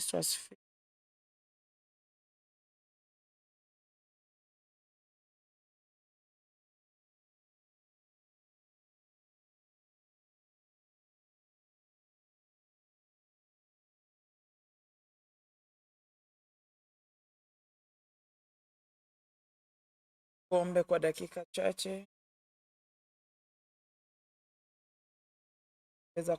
suas kombe kwa dakika chache weza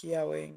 Kiawen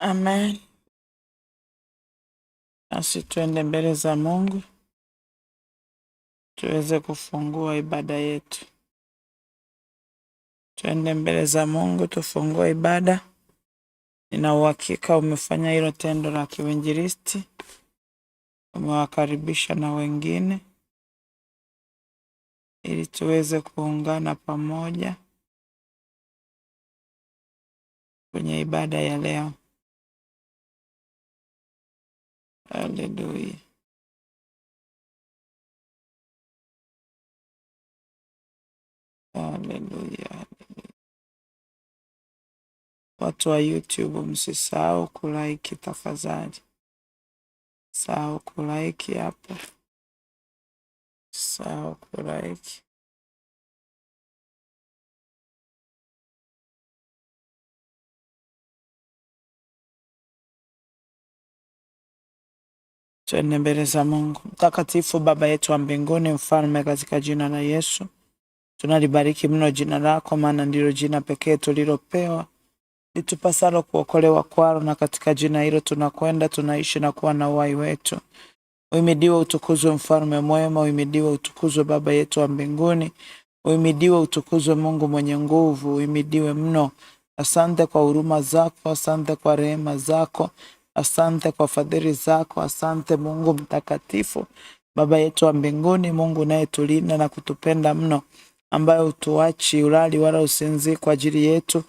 Amen. Nasi tuende mbele za Mungu tuweze kufungua ibada yetu. Tuende mbele za Mungu tufungue ibada. Nina uhakika umefanya hilo tendo la kiwinjilisti, umewakaribisha na wengine ili tuweze kuungana pamoja kwenye ibada ya leo. Hallelujah. Hallelujah. Watu wa YouTube msisahau kulike tafadhali. Sahau kulike hapo. Sahau like Twende mbele za Mungu. Mtakatifu Baba yetu wa mbinguni, Mfalme, katika jina la Yesu tunalibariki mno jina lako, maana ndilo jina pekee tulilopewa litupasalo kuokolewa kwalo, na katika jina hilo tunakwenda, tunaishi na kuwa na uhai wetu. uimidiwe utukuzwe mfalme mwema, uimidiwe utukuzwe baba yetu wa mbinguni, uimidiwe utukuzwe Mungu mwenye nguvu, uimidiwe mno. Asante kwa huruma zako, asante kwa rehema zako, Asante kwa fadhili zako, asante Mungu mtakatifu, Baba yetu wa mbinguni, Mungu unayetulinda na kutupenda mno, ambaye utuachi ulali wala usinzi kwa ajili yetu,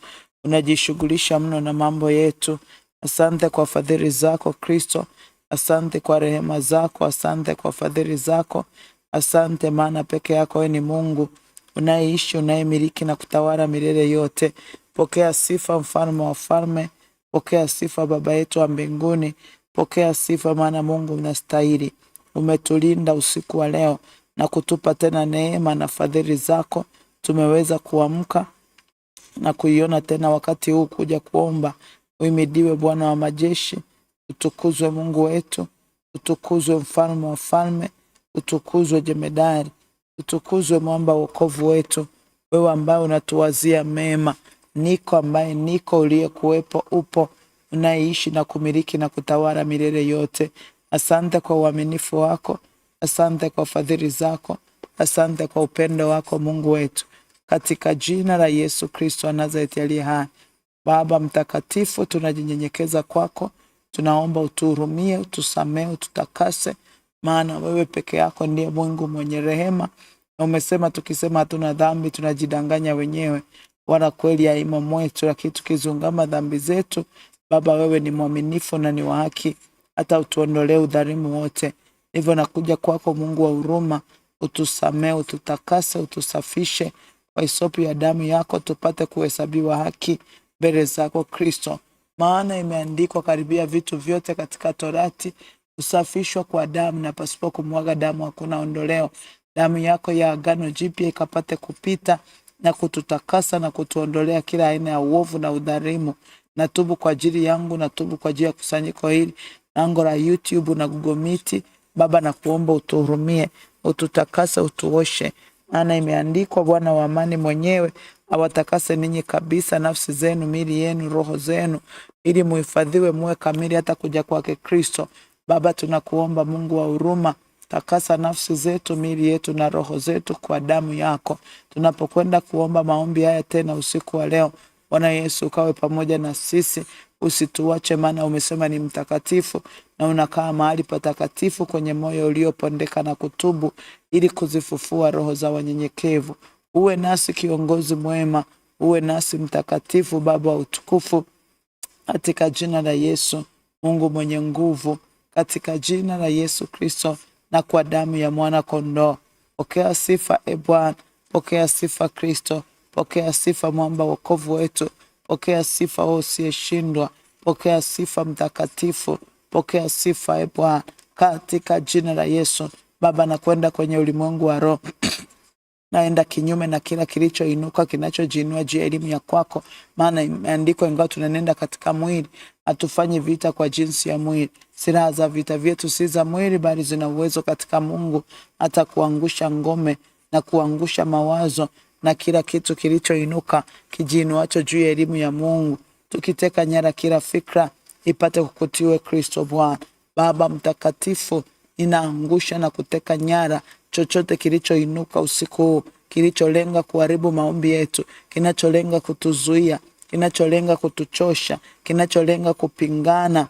unajishughulisha mno na mambo yetu. Asante kwa fadhili zako Kristo, asante kwa rehema zako, asante kwa fadhili zako, asante maana peke yako wewe ni Mungu unayeishi, unayemiliki na kutawala milele yote. Pokea sifa, mfalme wa falme Pokea sifa Baba yetu wa mbinguni, pokea sifa, maana Mungu unastahili. Umetulinda usiku wa leo na kutupa tena neema na fadhili zako, tumeweza kuamka na kuiona tena wakati huu kuja kuomba. uimidiwe Bwana wa majeshi, utukuzwe Mungu wetu, utukuzwe mfalme wa falme, utukuzwe jemedari, utukuzwe mwamba wokovu wetu, wewe ambaye unatuwazia mema niko ambaye niko, uliyekuwepo, upo, unayeishi na kumiliki na kutawala milele yote. Asante kwa uaminifu wako, asante kwa fadhili zako, asante kwa upendo wako, Mungu wetu, katika jina la Yesu Kristo wa Nazareti aliye hai. Baba Mtakatifu, tunajinyenyekeza kwako, tunaomba utuhurumie, utusamehe, ututakase, maana wewe peke yako ndiye Mungu mwenye rehema, na umesema tukisema hatuna dhambi tunajidanganya wenyewe, wala kweli ya haimo mwetu, lakini tukizungama dhambi zetu, Baba wewe ni mwaminifu na ni wa haki, hata utuondolee udhalimu wote. Hivyo nakuja kwako Mungu wa huruma, utusamee, ututakase, utusafishe kwa hisopo ya damu yako, tupate kuhesabiwa haki mbele zako Kristo, maana imeandikwa, karibia vitu vyote katika Torati usafishwa kwa damu, na pasipo kumwaga damu hakuna ondoleo. Damu yako ya agano jipya ikapate kupita na kututakasa na kutuondolea kila aina ya uovu na udhalimu. Natubu kwa ajili yangu, natubu kwa ajili ya kusanyiko hili, lango la YouTube na Google Meet. Baba, nakuomba utuhurumie, ututakase, utuoshe, maana imeandikwa, Bwana wa amani mwenyewe awatakase ninyi kabisa nafsi zenu, mili yenu, roho zenu, ili muhifadhiwe muwe kamili hata kuja kwake Kristo. Baba, tunakuomba Mungu wa huruma Takasa nafsi zetu, miili yetu na roho zetu kwa damu yako. Tunapokwenda kuomba maombi haya tena usiku wa leo, Bwana Yesu ukawe pamoja na sisi, usituache, maana umesema ni mtakatifu na unakaa mahali patakatifu kwenye moyo uliopondeka na kutubu, ili kuzifufua roho za wanyenyekevu. Uwe nasi kiongozi mwema, uwe nasi mtakatifu, Baba wa utukufu, katika jina la Yesu, Mungu mwenye nguvu, katika jina la Yesu Kristo na kwa damu ya mwana kondoo. Pokea sifa e Bwana, pokea sifa Kristo, pokea sifa mwamba wokovu wetu, pokea sifa usiyeshindwa, pokea sifa mtakatifu, pokea sifa e Bwana, katika jina la Yesu. Baba, nakwenda kwenye ulimwengu wa roho naenda kinyume na kila kilichoinuka kinachojiinua juu ya elimu ya kwako, maana imeandikwa, ingawa tunanenda katika mwili, Hatufanye vita kwa jinsi ya mwili. Silaha za vita vyetu si za mwili, bali zina uwezo katika Mungu hata kuangusha ngome na kuangusha mawazo na kila kitu kilichoinuka kijiinuacho juu ya elimu ya Mungu, tukiteka nyara kila fikra ipate kukutiwe Kristo Bwana. Baba Mtakatifu, inaangusha na kuteka nyara chochote kilichoinuka usiku huu, kilicholenga kuharibu maombi yetu, kinacholenga kutuzuia kinacholenga kutuchosha, kinacholenga kupingana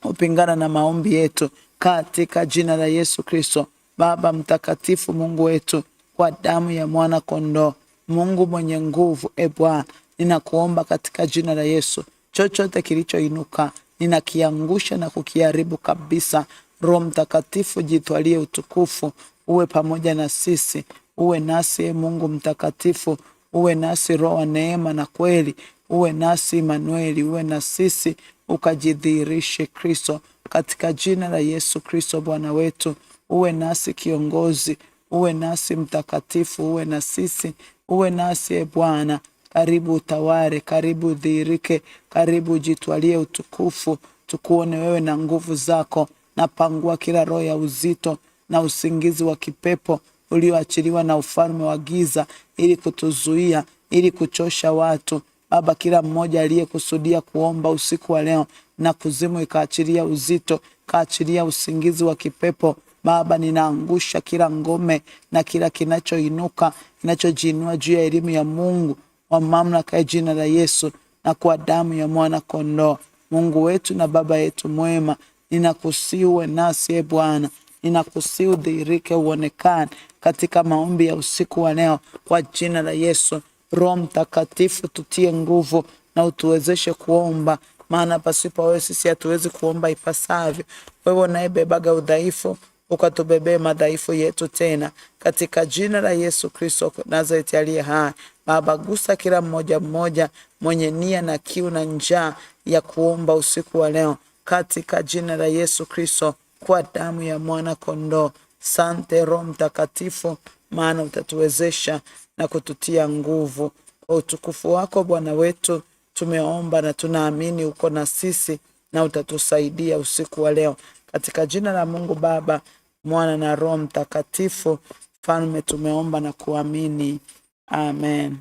kupingana na maombi yetu katika jina la Yesu Kristo. Baba mtakatifu, Mungu wetu, kwa damu ya mwana kondoo, Mungu mwenye nguvu, e Bwana, ninakuomba katika jina la Yesu, chochote kilichoinuka ninakiangusha na kukiharibu kabisa. Roho Mtakatifu, jitwalie utukufu, uwe pamoja na sisi, uwe nasi, e Mungu mtakatifu, uwe nasi Roho wa neema na kweli, uwe nasi Emanueli, uwe na sisi ukajidhihirishe Kristo, katika jina la Yesu Kristo Bwana wetu. Uwe nasi kiongozi, uwe nasi mtakatifu, uwe na sisi, uwe nasi e Bwana. Karibu utaware, karibu udhihirike, karibu ujitwalie utukufu, tukuone wewe na nguvu zako. Napangua kila roho ya uzito na usingizi wa kipepo ulioachiliwa na ufalme wa giza ili kutuzuia, ili kuchosha watu. Baba, kila mmoja aliyekusudia kuomba usiku wa leo, na kuzimu ikaachilia uzito, kaachilia usingizi wa kipepo Baba, ninaangusha kila ngome na kila kinachoinuka kinachojiinua juu ya elimu ya Mungu wa mamlaka ya jina la Yesu na kwa damu ya mwana kondoo. Mungu wetu na Baba yetu mwema, ninakusihi uwe nasi e Bwana, ninakusi udhihirike, uonekane katika maombi ya usiku wa leo kwa jina la Yesu. Roho Mtakatifu, tutie nguvu na utuwezeshe kuomba, maana pasipo wewe sisi hatuwezi kuomba ipasavyo. Wewe unayebebaga udhaifu ukatubebee madhaifu yetu tena katika jina la Yesu Kristo Nazareti aliye hai. Baba, gusa kila mmoja mmoja mwenye nia na kiu na njaa ya kuomba usiku wa leo katika jina la Yesu Kristo kwa damu ya mwana-kondoo. Sante Roho Mtakatifu, maana utatuwezesha na kututia nguvu. Kwa utukufu wako Bwana wetu tumeomba na tunaamini uko na sisi na utatusaidia usiku wa leo, katika jina la Mungu Baba, Mwana na Roho Mtakatifu. Mfalme, tumeomba na kuamini, amen.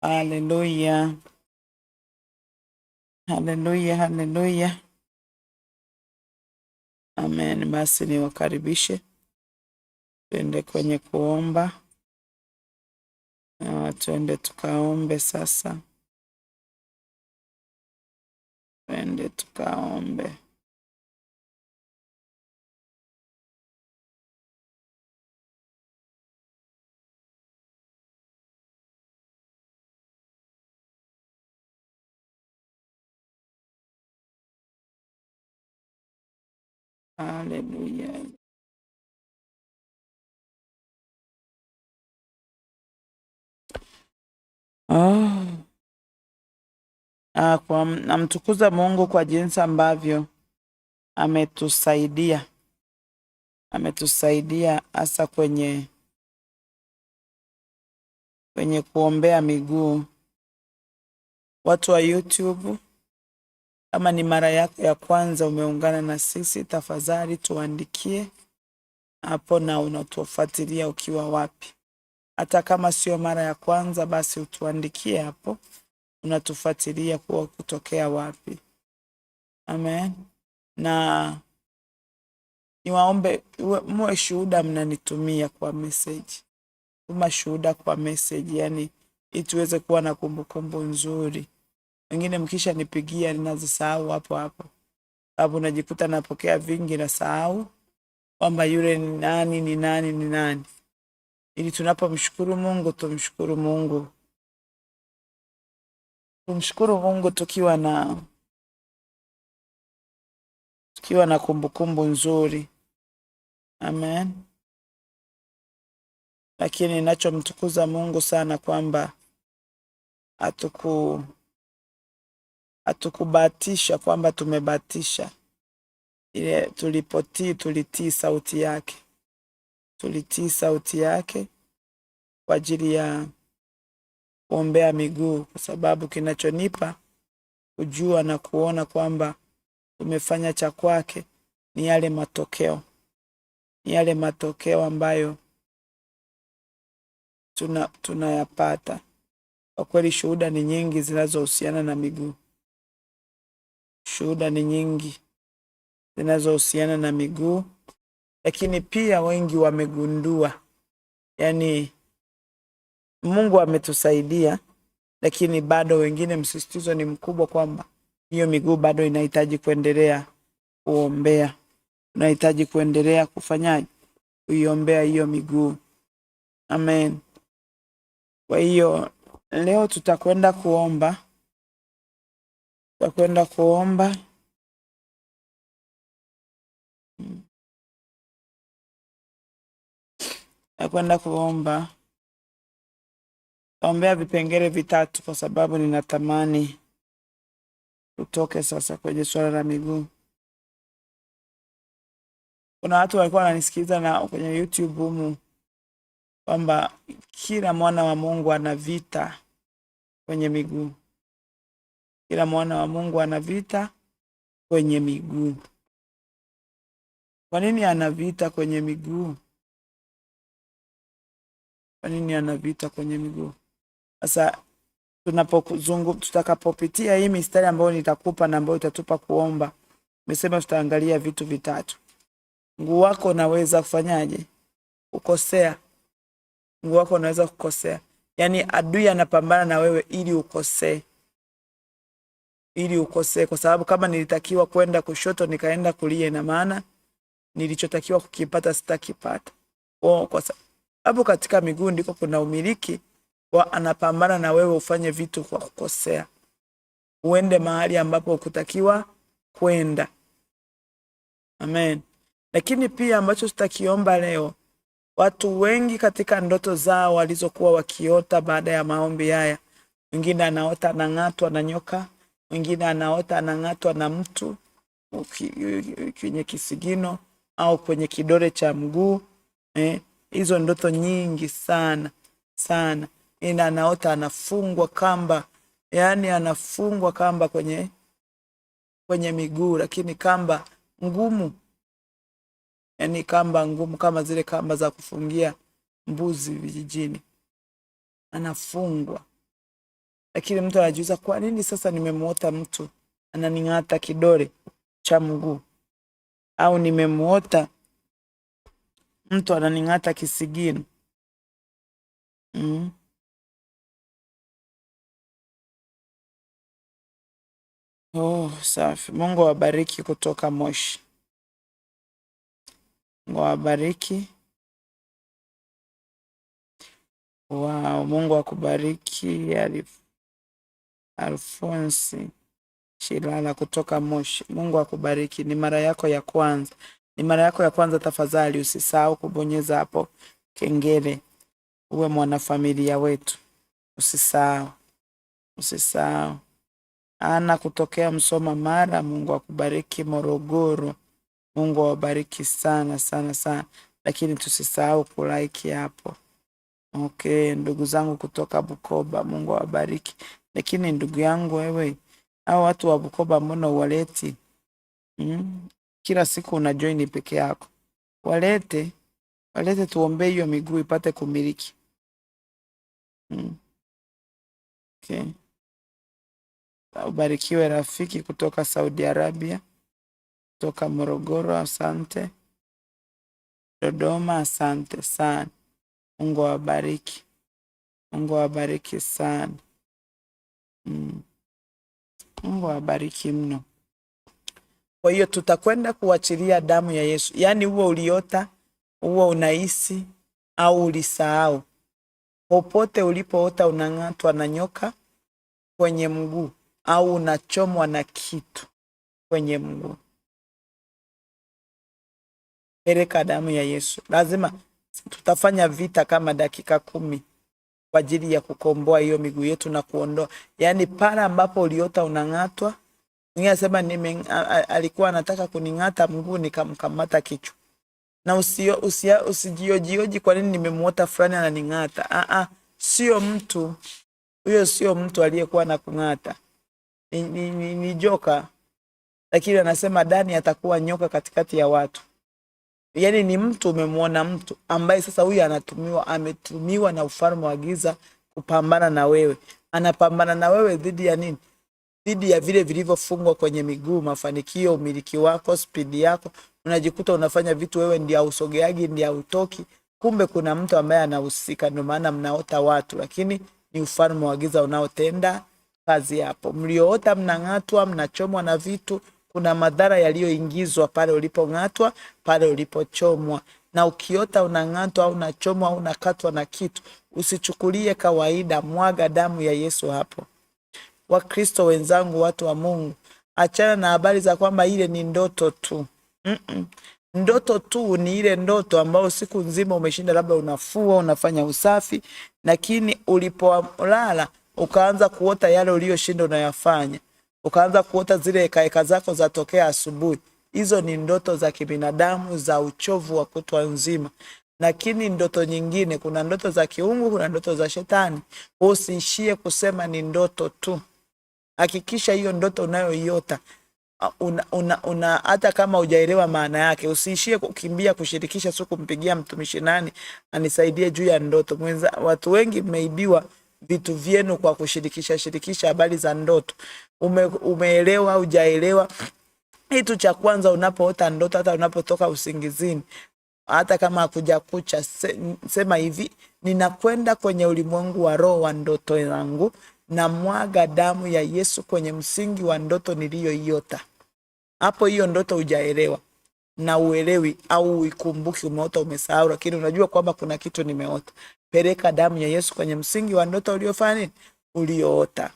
Haleluya, haleluya, haleluya. Amen. Basi niwakaribishe tuende kwenye kuomba, na tuende tukaombe sasa, tuende tukaombe. Hallelujah. Oh. Ah, kwa namtukuza Mungu kwa jinsi ambavyo ametusaidia, ametusaidia hasa kwenye kwenye kuombea miguu. Watu wa YouTube kama ni mara yako ya kwanza umeungana na sisi, tafadhali tuandikie hapo na unatufuatilia ukiwa wapi. Hata kama sio mara ya kwanza, basi utuandikie hapo unatufuatilia kuwa kutokea wapi. Amen. Na niwaombe muwe shuhuda, mnanitumia kwa meseji. Tuma shuhuda kwa meseji, yani ituweze tuweze kuwa na kumbukumbu nzuri. Wengine mkisha nipigia ninazisahau hapo hapo, sababu najikuta napokea vingi, na sahau kwamba yule ni nani ni nani ni nani, ili tunapomshukuru Mungu tumshukuru Mungu tumshukuru Mungu tukiwa na tukiwa na kumbukumbu kumbu nzuri, amen. Lakini ninachomtukuza Mungu sana kwamba atuku hatukubatisha kwamba tumebatisha Ile tulipotii, tulitii sauti yake, tulitii sauti yake kwa ajili ya kuombea miguu, kwa sababu kinachonipa kujua na kuona kwamba tumefanya cha kwake ni yale matokeo, ni yale matokeo ambayo tunayapata tuna. Kwa kweli shuhuda ni nyingi zinazohusiana na miguu. Shuhuda ni nyingi zinazohusiana na miguu, lakini pia wengi wamegundua, yani Mungu ametusaidia, lakini bado wengine, msisitizo ni mkubwa kwamba hiyo miguu bado inahitaji kuendelea kuombea, unahitaji kuendelea kufanyaje, kuiombea hiyo miguu. Amen. Kwa hiyo leo tutakwenda kuomba za kwenda kuomba. Na kwenda kuomba, ombea vipengele vitatu, kwa sababu ninatamani utoke sasa kwenye swala la miguu. Kuna watu walikuwa wananisikiliza na kwenye YouTube humu kwamba kila mwana wa Mungu ana vita kwenye miguu. Kila mwana wa Mungu ana vita kwenye miguu. Kwa nini ana vita kwenye miguu? Kwa nini ana vita kwenye miguu? Sasa tunapozungu tutakapopitia hii mistari ambayo nitakupa na ambayo itatupa kuomba, nimesema tutaangalia vitu vitatu. Mguu wako unaweza kufanyaje? Ukosea. Mguu wako unaweza kukosea, yaani adui anapambana na wewe ili ukosee ili ukose, kwa sababu kama nilitakiwa kwenda kushoto nikaenda kulia, ina maana nilichotakiwa kukipata sitakipata. O, kwa sababu katika miguu ndiko kuna umiliki wa anapambana na wewe ufanye vitu kwa kukosea, uende mahali ambapo ukutakiwa kwenda. Amen. Lakini pia ambacho tutakiomba leo, watu wengi katika ndoto zao walizokuwa wakiota baada ya maombi haya, wengine anaota anang'atwa na nyoka mwingine anaota anang'atwa na mtu kwenye kisigino au kwenye kidole cha mguu eh. Hizo ndoto nyingi sana sana, ina anaota anafungwa kamba, yani anafungwa kamba kwenye kwenye miguu, lakini kamba ngumu, yani kamba ngumu kama zile kamba za kufungia mbuzi vijijini, anafungwa lakini mtu anajiuliza kwa nini sasa nimemuota mtu ananing'ata kidole cha mguu au nimemuota mtu ananing'ata kisigino. Mm. Oh, safi. Mungu awabariki kutoka Moshi. Mungu awabariki. Wow, Mungu akubariki alifu Alfonsi Shilala kutoka Moshi. Mungu akubariki. Ni mara yako ya kwanza, ni mara yako ya kwanza. Tafadhali usisahau kubonyeza hapo kengele, uwe mwanafamilia wetu, usisahau, usisahau. Ana kutokea Msoma, Mara. Mungu akubariki. Morogoro, Mungu awabariki sana sana sana, lakini tusisahau kulaiki hapo. Okay, ndugu zangu kutoka Bukoba, Mungu awabariki. Lakini ndugu yangu wewe, au watu wa Bukoba mbona uwaleti? Mm? Kila siku una join peke yako. Walete, walete tuombee hiyo miguu ipate kumiliki. Mm. Okay. Ubarikiwe rafiki kutoka Saudi Arabia, kutoka Morogoro, asante. Dodoma, asante sana. Mungu awabariki. Mungu awabariki sana. Mm. Mungu awabariki mno. Kwa hiyo tutakwenda kuachilia damu ya Yesu, yaani huo uliota, huo unahisi au ulisahau, popote ulipoota unang'atwa na nyoka kwenye mguu au unachomwa na kitu kwenye mguu, pereka damu ya Yesu. Lazima tutafanya vita kama dakika kumi kwa ajili ya kukomboa hiyo miguu yetu na kuondoa, yani pale ambapo uliota unang'atwa. Mwingine anasema nime, alikuwa anataka kuning'ata mguu nikamkamata kichwa. Na usio usia, usijiojioji kwa nini nimemuota fulani ananing'ata. Ah ah, sio mtu huyo, sio mtu aliyekuwa na kung'ata, ni, ni, ni, ni joka. Lakini anasema Dani atakuwa nyoka katikati ya watu yani ni mtu umemwona mtu ambaye sasa huyu anatumiwa, ametumiwa na ufalme wa giza kupambana na wewe. Anapambana na wewe dhidi ya nini? Dhidi ya vile vilivyofungwa kwenye miguu, mafanikio, umiliki wako, spidi yako. Unajikuta unafanya vitu wewe ndio hausogeagi, ndio hautoki, kumbe kuna mtu ambaye anahusika. Ndio maana mnaota watu, lakini ni ufalme wa giza unaotenda kazi hapo. Mlioota mnang'atwa, mnachomwa na vitu kuna madhara yaliyoingizwa pale ulipong'atwa, pale ulipochomwa. Na ukiota unang'atwa au unachomwa au unakatwa na kitu, usichukulie kawaida, mwaga damu ya Yesu hapo. Wakristo wenzangu, watu wa Mungu, achana na habari za kwamba ile ni ndoto tu. Mm -mm. Ndoto tu ni ile ndoto ambayo siku nzima umeshinda, labda unafua, unafanya usafi, lakini ulipolala ukaanza kuota yale uliyoshinda unayafanya ukaanza kuota zile hekaheka zako zatokea asubuhi. Hizo ni ndoto za kibinadamu za uchovu wa kutwa nzima, lakini ndoto nyingine, kuna ndoto za kiungu, kuna ndoto za shetani. Usiishie kusema ni ndoto tu, hakikisha hiyo ndoto unayoiota una, una, una hata kama hujaelewa maana yake, usiishie kukimbia kushirikisha, si kumpigia mtumishi nani anisaidie juu ya ndoto mwenza. Watu wengi mmeibiwa vitu vyenu kwa kushirikisha shirikisha habari za ndoto. Ume, umeelewa ujaelewa Kitu cha kwanza, unapoota ndoto, hata unapotoka usingizini, hata kama hakuja kucha, se, sema hivi, ninakwenda kwenye ulimwengu wa roho wa ndoto yangu na mwaga damu ya Yesu kwenye msingi wa ndoto niliyoiota. Hapo hiyo ndoto ujaelewa na uelewi au uikumbuki, umeota umesahau, lakini unajua kwamba kuna kitu nimeota peleka damu ya Yesu kwenye msingi wa ndoto uliofanya uliota. ulioota.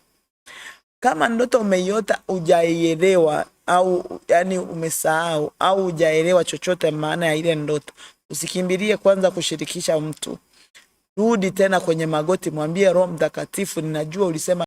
Kama ndoto umeiota ujaielewa au yani umesahau au ujaelewa chochote maana ya ile ndoto, usikimbilie kwanza kushirikisha mtu. Rudi tena kwenye magoti, mwambie Roho Mtakatifu, ninajua ulisema